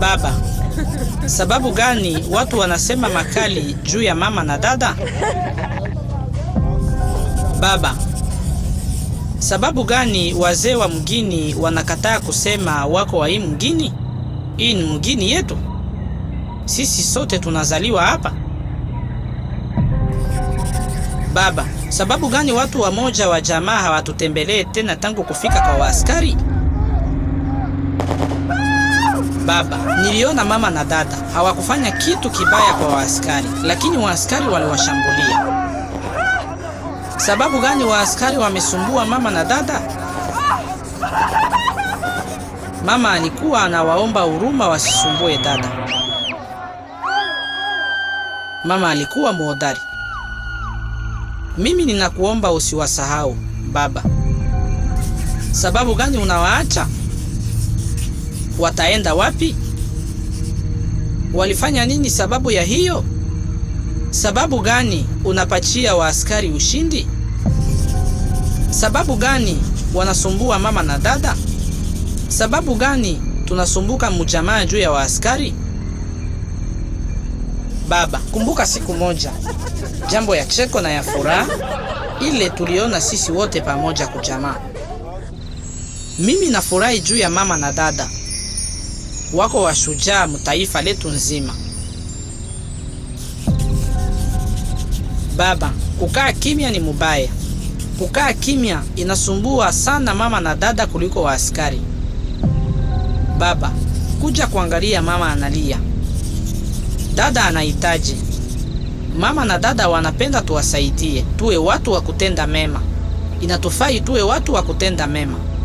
baba. Sababu gani watu wanasema makali juu ya mama na dada? Baba. Sababu gani wazee wa mgini wanakataa kusema wako wa hii mgini? Hii ni mgini yetu. Sisi sote tunazaliwa hapa. Baba. Sababu gani watu wamoja wa jamaa hawatutembelee tena tangu kufika kwa waaskari? Baba, niliona mama na dada hawakufanya kitu kibaya kwa waaskari, lakini waaskari waliwashambulia. Sababu gani waaskari wamesumbua mama na dada? Mama alikuwa anawaomba huruma wasisumbue dada. Mama alikuwa muhodari. Mimi ninakuomba usiwasahau baba. Sababu gani unawaacha? wataenda wapi? Walifanya nini sababu ya hiyo? Sababu gani unapachia waaskari ushindi? Sababu gani wanasumbua mama na dada? Sababu gani tunasumbuka mjamaa juu ya waaskari? Baba, kumbuka siku moja, jambo ya cheko na ya furaha ile tuliona sisi wote pamoja kujamaa. Mimi nafurahi juu ya mama na dada wako washujaa mtaifa letu nzima. Baba, kukaa kimya ni mubaya. Kukaa kimya inasumbua sana mama na dada kuliko waaskari. Baba, kuja kuangalia mama analia, dada anahitaji. Mama na dada wanapenda tuwasaidie, tuwe watu wa kutenda mema. Inatufai tuwe watu wa kutenda mema.